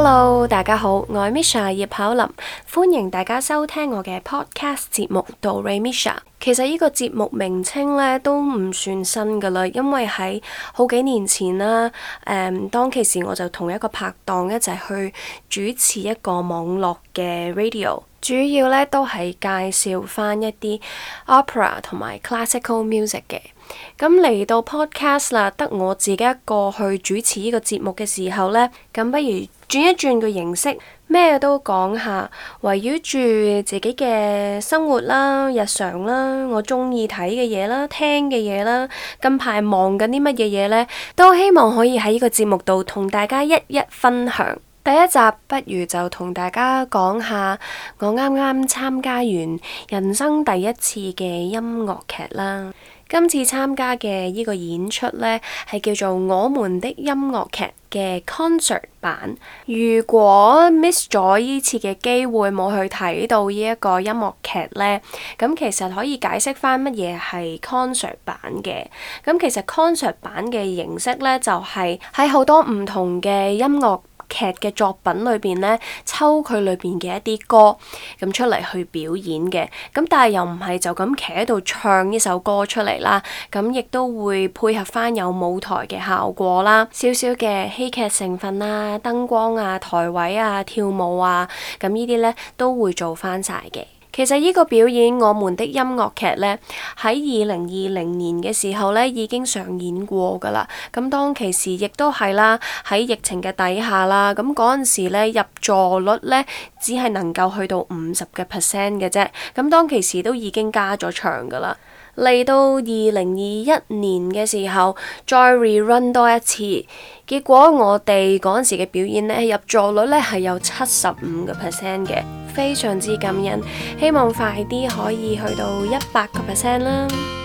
Hello，大家好，我係 Misha 葉巧琳，歡迎大家收聽我嘅 podcast 節目《杜瑞 Misha》。其實呢個節目名稱呢都唔算新噶啦，因為喺好幾年前啦，誒、嗯，當其時我就同一個拍檔一齊去主持一個網絡嘅 radio，主要呢都係介紹翻一啲 opera 同埋 classical music 嘅。咁嚟到 podcast 啦，得我自己一個去主持呢個節目嘅時候呢，咁不如轉一轉個形式，咩都講下，圍繞住自己嘅生活啦、日常啦，我中意睇嘅嘢啦、聽嘅嘢啦，近排忙緊啲乜嘢嘢呢，都希望可以喺呢個節目度同大家一一分享。第一集不如就同大家講下我啱啱參加完人生第一次嘅音樂劇啦。今次參加嘅依個演出呢，係叫做《我們的音樂劇》嘅 concert 版。如果 miss 咗依次嘅機會，冇去睇到呢一個音樂劇呢，咁其實可以解釋翻乜嘢係 concert 版嘅。咁其實 concert 版嘅形式呢，就係喺好多唔同嘅音樂劇嘅作品裏邊呢，抽佢裏邊嘅一啲歌咁出嚟去表演嘅，咁但係又唔係就咁企喺度唱呢首歌出嚟啦，咁亦都會配合翻有舞台嘅效果啦，少少嘅戲劇成分啦，燈光啊，台位啊，跳舞啊，咁呢啲呢，都會做翻晒嘅。其實呢個表演《我們的音樂劇》呢，喺二零二零年嘅時候呢已經上演過㗎啦。咁當其時亦都係啦，喺疫情嘅底下啦，咁嗰陣時呢入座率呢，只係能夠去到五十嘅 percent 嘅啫。咁當其時都已經加咗場㗎啦。嚟到二零二一年嘅時候，再 rerun 多一次，結果我哋嗰陣時嘅表演呢，入座率呢係有七十五個 percent 嘅，非常之感人。希望快啲可以去到一百個 percent 啦～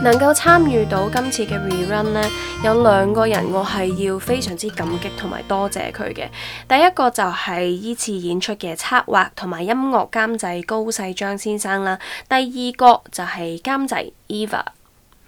能夠參與到今次嘅 rerun 呢，有兩個人我係要非常之感激同埋多謝佢嘅。第一個就係依次演出嘅策劃同埋音樂監製高世章先生啦，第二個就係監製 Eva。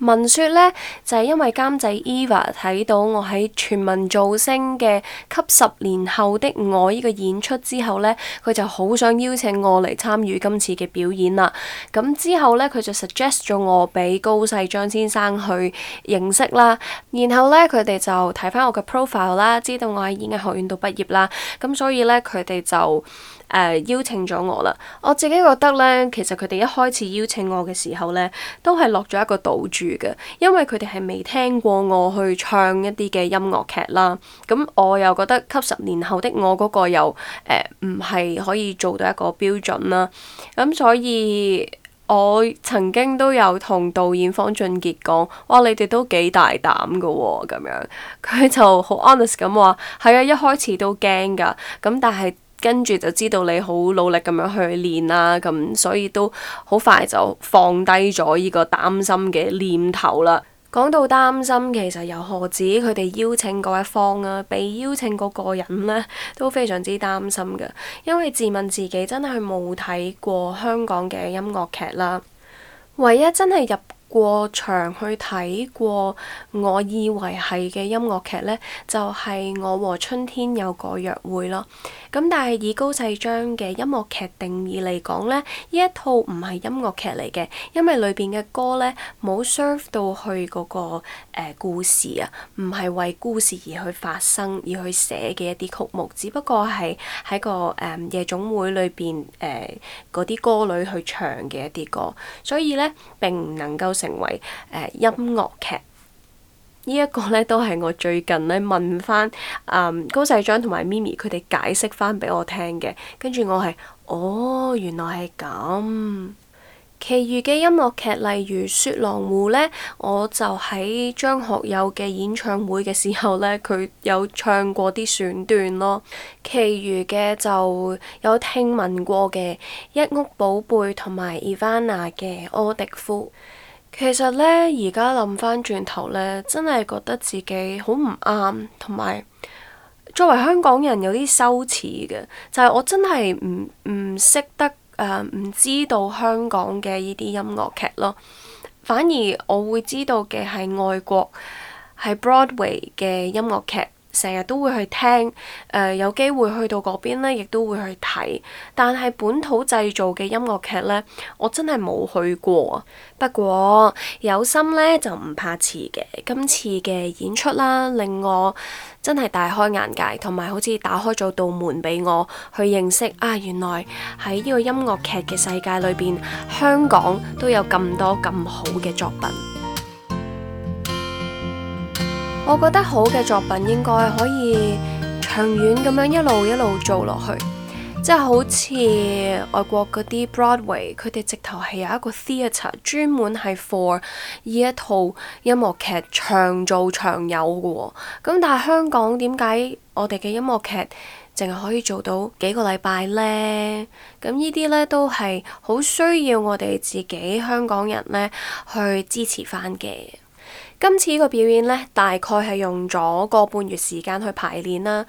聞說呢，就係因為監製 Eva 睇到我喺全民造星嘅給十年後的我呢個演出之後呢，佢就好想邀請我嚟參與今次嘅表演啦。咁之後呢，佢就 suggest 咗我俾高世章先生去認識啦。然後呢，佢哋就睇翻我嘅 profile 啦，知道我喺演藝學院度畢業啦。咁所以呢，佢哋就誒、uh，邀請咗我啦，我自己覺得呢，其實佢哋一開始邀請我嘅時候呢，都係落咗一個賭注嘅，因為佢哋係未聽過我去唱一啲嘅音樂劇啦。咁我又覺得，吸十年後的我嗰個又誒唔係可以做到一個標準啦。咁所以，我曾經都有同導演方俊傑講：「哇，你哋都幾大膽嘅喎。」咁樣。佢就好 honest 咁話：「係啊，一開始都驚㗎。」咁但係。跟住就知道你好努力咁樣去練啦、啊，咁所以都好快就放低咗依個擔心嘅念頭啦講到擔心，其實又何止佢哋邀請嗰一方啊？被邀請嗰個人咧都非常之擔心嘅，因為自問自己真係冇睇過香港嘅音樂劇啦，唯一真係入。過場去睇過我以為係嘅音樂劇咧，就係我和春天有個約會咯。咁但係以高世章嘅音樂劇定義嚟講咧，呢一套唔係音樂劇嚟嘅，因為裏邊嘅歌咧冇 serve 到去嗰個誒故事啊，唔係為故事而去發生而去寫嘅一啲曲目，只不過係喺個誒夜總會裏邊誒嗰啲歌女去唱嘅一啲歌，所以咧並唔能夠。成為誒、呃、音樂劇呢一個呢都係我最近咧問翻啊、嗯、高世章同埋咪咪佢哋解釋翻俾我聽嘅。跟住我係哦，原來係咁。其餘嘅音樂劇，例如《雪狼湖》呢，我就喺張學友嘅演唱會嘅時候呢，佢有唱過啲選段咯。其餘嘅就有聽聞過嘅《一屋寶貝》同埋《伊凡娜》嘅《柯迪夫》。其實呢，而家諗返轉頭呢，真係覺得自己好唔啱，同埋作為香港人有啲羞恥嘅，就係、是、我真係唔唔識得誒，唔、呃、知道香港嘅依啲音樂劇咯，反而我會知道嘅係外國係 Broadway 嘅音樂劇。成日都會去聽，誒、呃、有機會去到嗰邊呢，亦都會去睇。但係本土製造嘅音樂劇呢，我真係冇去過。不過有心呢，就唔怕遲嘅。今次嘅演出啦，令我真係大開眼界，同埋好似打開咗道門俾我去認識。啊，原來喺呢個音樂劇嘅世界裏邊，香港都有咁多咁好嘅作品。我覺得好嘅作品應該可以長遠咁樣一路一路做落去，即係好似外國嗰啲 Broadway，佢哋直頭係有一個 theatre 專門係 for 呢一套音樂劇長做長有嘅喎。咁但係香港點解我哋嘅音樂劇淨係可以做到幾個禮拜呢？咁呢啲呢都係好需要我哋自己香港人呢去支持翻嘅。今次個表演呢，大概係用咗個半月時間去排練啦。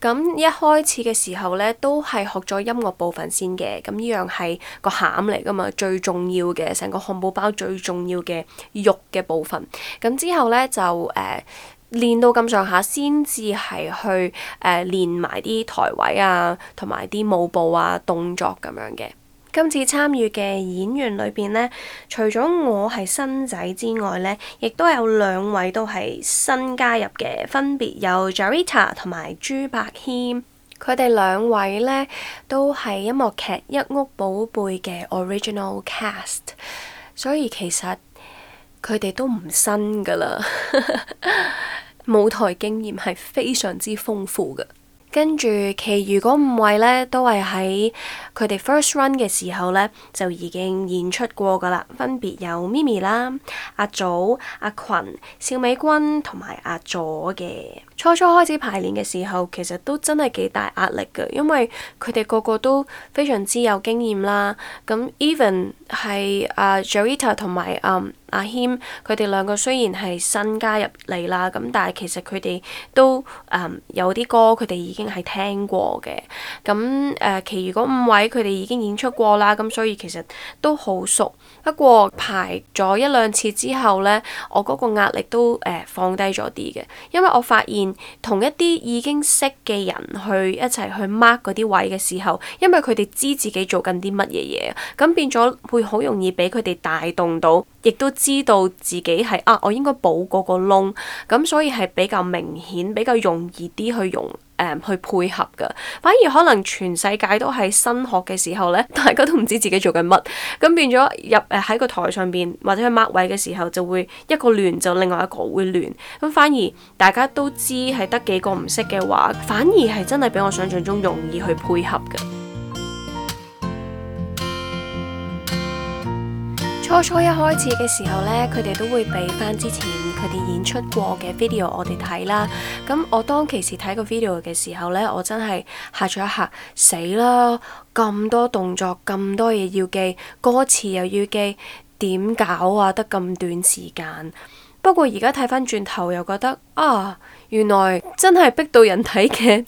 咁一開始嘅時候呢，都係學咗音樂部分先嘅。咁呢樣係個餡嚟㗎嘛，最重要嘅成個漢堡包，最重要嘅肉嘅部分。咁之後呢，就誒、呃、練到咁上下，先至係去誒練埋啲台位啊，同埋啲舞步啊動作咁樣嘅。今次參與嘅演員裏邊呢，除咗我係新仔之外呢，亦都有兩位都係新加入嘅，分別有 Jarita 同埋朱柏謙。佢哋兩位呢都係音樂劇《一屋寶貝》嘅 original cast，所以其實佢哋都唔新噶啦， 舞台經驗係非常之豐富㗎。跟住，其餘嗰五位咧，都係喺佢哋 first run 嘅時候咧，就已經演出過噶啦。分別有咪咪啦、阿祖、阿群、邵美君同埋阿佐嘅。初初開始排練嘅時候，其實都真係幾大壓力㗎，因為佢哋個個都非常之有經驗啦。咁 even 係阿 Joita 同埋阿謙，佢哋兩個雖然係新加入嚟啦，咁但係其實佢哋都、um，有啲歌佢哋已經係聽過嘅。咁誒，其餘嗰五位佢哋已經演出過啦，咁所以其實都好熟。不過排咗一兩次之後呢，我嗰個壓力都誒、呃、放低咗啲嘅，因為我發現。同一啲已經識嘅人去一齊去 mark 嗰啲位嘅時候，因為佢哋知自己做緊啲乜嘢嘢，咁變咗會好容易俾佢哋帶動到，亦都知道自己係啊，我應該補嗰個窿，咁所以係比較明顯，比較容易啲去用。嗯、去配合嘅，反而可能全世界都喺新學嘅時候呢，大家都唔知自己做緊乜，咁變咗入誒喺、呃、個台上邊或者喺 mark 位嘅時候就會一個亂就另外一個會亂，咁反而大家都知係得幾個唔識嘅話，反而係真係比我想像中容易去配合嘅。初初一開始嘅時候呢，佢哋都會俾翻之前佢哋演出過嘅 video 我哋睇啦。咁我當其時睇個 video 嘅時候呢，我真係嚇咗一嚇，死啦！咁多動作，咁多嘢要記，歌詞又要記，點搞啊？得咁短時間。不過而家睇返轉頭，又覺得啊，原來真係逼到人睇嘅。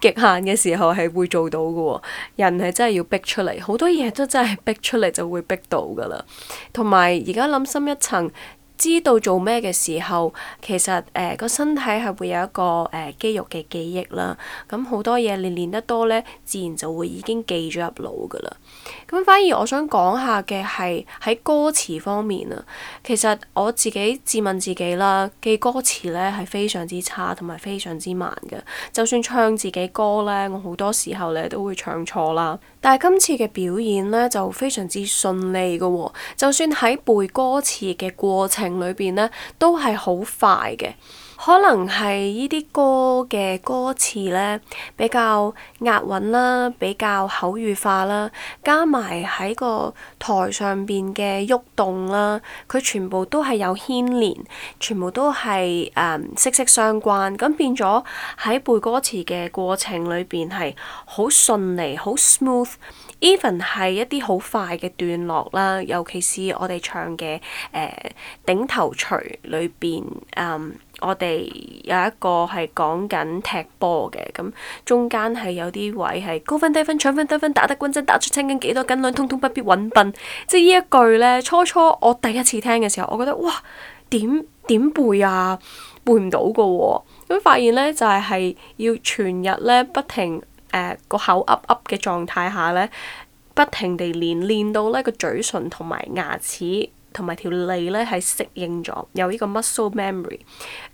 極限嘅時候係會做到㗎喎、哦，人係真係要逼出嚟，好多嘢都真係逼出嚟就會逼到㗎喇。同埋而家諗深一層，知道做咩嘅時候，其實誒個、呃、身體係會有一個誒、呃、肌肉嘅記憶啦。咁好多嘢練練得多呢，自然就會已經記咗入腦㗎喇。咁反而我想講下嘅係喺歌詞方面啊，其實我自己自問自己啦，記歌詞咧係非常之差同埋非常之慢嘅。就算唱自己歌咧，我好多時候咧都會唱錯啦。但係今次嘅表演咧就非常之順利嘅喎、哦，就算喺背歌詞嘅過程裏面咧，都係好快嘅。可能係呢啲歌嘅歌詞呢，比較押韻啦，比較口語化啦，加埋喺個台上邊嘅喐動啦，佢全部都係有牽連，全部都係誒、嗯、息息相關，咁變咗喺背歌詞嘅過程裏邊係好順利，好 smooth，even 係一啲好快嘅段落啦，尤其是我哋唱嘅誒、呃、頂頭錘裏邊我哋有一個係講緊踢波嘅，咁中間係有啲位係高分低分、搶分低分、打得均真、打出青筋幾多斤兩，通通不必揾笨。即係呢一句呢，初初我第一次聽嘅時候，我覺得哇，點點背啊，背唔到㗎喎。咁、嗯、發現呢，就係、是、係要全日呢，不停誒個、呃、口噏噏嘅狀態下呢，不停地練練到呢個嘴唇同埋牙齒。同埋條脷咧係適應咗，有呢個 muscle memory，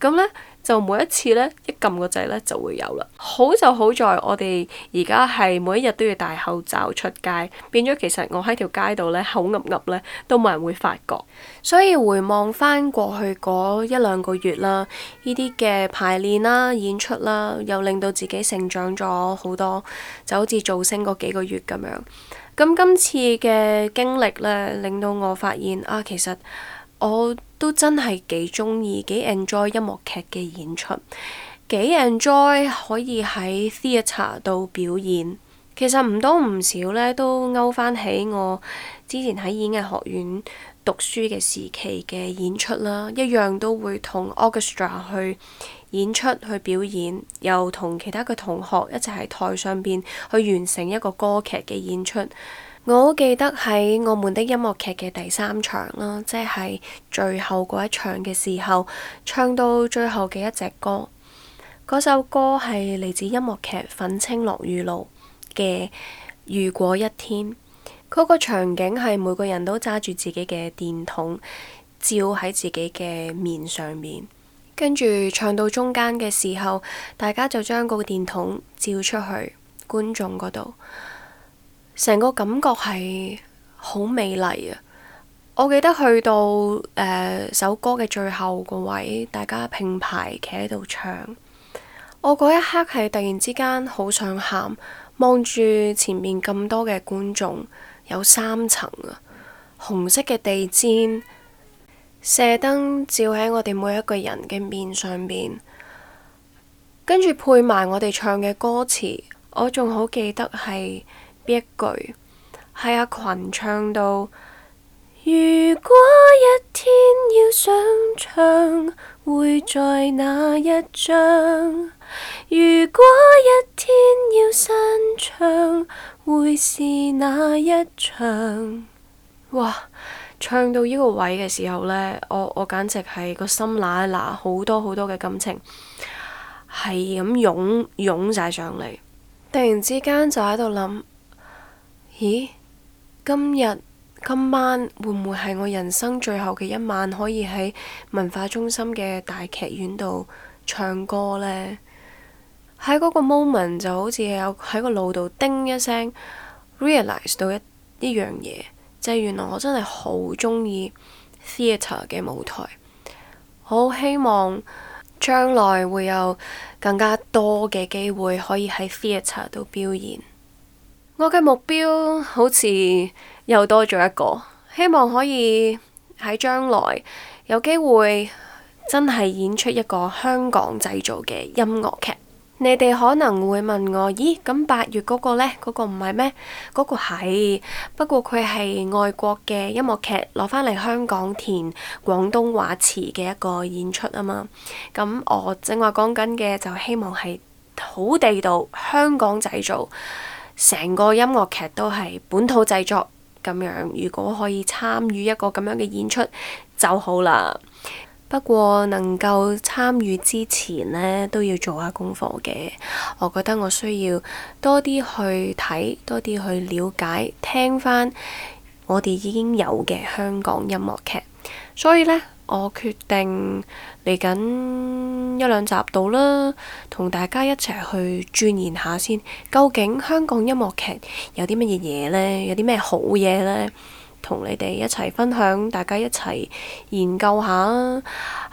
咁咧就每一次咧一撳個掣咧就會有啦。好就好在我哋而家係每一日都要戴口罩出街，變咗其實我喺條街度咧口噏噏咧都冇人會發覺。所以回望翻過去嗰一兩個月啦，呢啲嘅排練啦、啊、演出啦、啊，又令到自己成長咗好多，就好似造星嗰幾個月咁樣。咁今次嘅經歷呢，令到我發現啊，其實我都真係幾鍾意幾 enjoy 音樂劇嘅演出，幾 enjoy 可以喺 theatre 度表演。其實唔多唔少呢，都勾返起我之前喺演藝學院讀書嘅時期嘅演出啦，一樣都會同 orchestra 去演出、去表演，又同其他嘅同學一齊喺台上邊去完成一個歌劇嘅演出。我好記得喺我們的音樂劇嘅第三場啦，即係最後嗰一場嘅時候，唱到最後嘅一隻歌，嗰首歌係嚟自音樂劇《奮青樂與路》嘅《如果一天》。嗰個場景係每個人都揸住自己嘅電筒，照喺自己嘅面上面，跟住唱到中間嘅時候，大家就將個電筒照出去觀眾嗰度，成個感覺係好美麗啊！我記得去到誒、呃、首歌嘅最後個位，大家並排企喺度唱，我嗰一刻係突然之間好想喊。望住前面咁多嘅觀眾，有三層啊！紅色嘅地氈，射燈照喺我哋每一個人嘅面上邊，跟住配埋我哋唱嘅歌詞，我仲好記得係邊一句，係阿群唱到：如果一天要上場，會在哪一張？如果一天要新唱，會是哪一場？哇！唱到呢個位嘅時候呢，我我簡直係個心揦揦好多好多嘅感情，係咁湧湧晒上嚟。突然之間就喺度諗：咦，今日今晚會唔會係我人生最後嘅一晚，可以喺文化中心嘅大劇院度唱歌呢？喺嗰個 moment 就好似有喺個腦度叮一聲 realize 到一一樣嘢，即係原來我真係好中意 theatre 嘅舞台。好希望將來會有更加多嘅機會可以喺 theatre 度表演。我嘅目標好似又多咗一個，希望可以喺將來有機會真係演出一個香港製造嘅音樂劇。你哋可能會問我，咦？咁八月嗰個呢，嗰個唔係咩？嗰個係，不過佢係外國嘅音樂劇攞返嚟香港填廣東話詞嘅一個演出啊嘛。咁我正話講緊嘅就希望係好地道香港製造，成個音樂劇都係本土製作咁樣。如果可以參與一個咁樣嘅演出就好啦。不過能夠參與之前呢，都要做下功課嘅。我覺得我需要多啲去睇，多啲去了解，聽翻我哋已經有嘅香港音樂劇。所以呢，我決定嚟緊一兩集度啦，同大家一齊去鑽研下先，究竟香港音樂劇有啲乜嘢嘢呢？有啲咩好嘢呢？同你哋一齊分享，大家一齊研究下。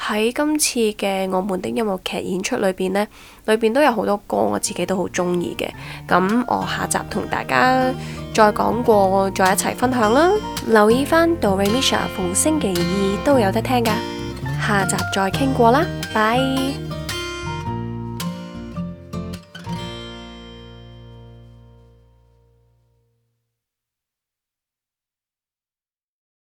喺今次嘅我們的音樂劇演出裏邊呢，裏邊都有好多歌，我自己都好中意嘅。咁我下集同大家再講過，再一齊分享啦。留意返《Do We Miss You》逢星期二都有得聽㗎，下集再傾過啦，拜。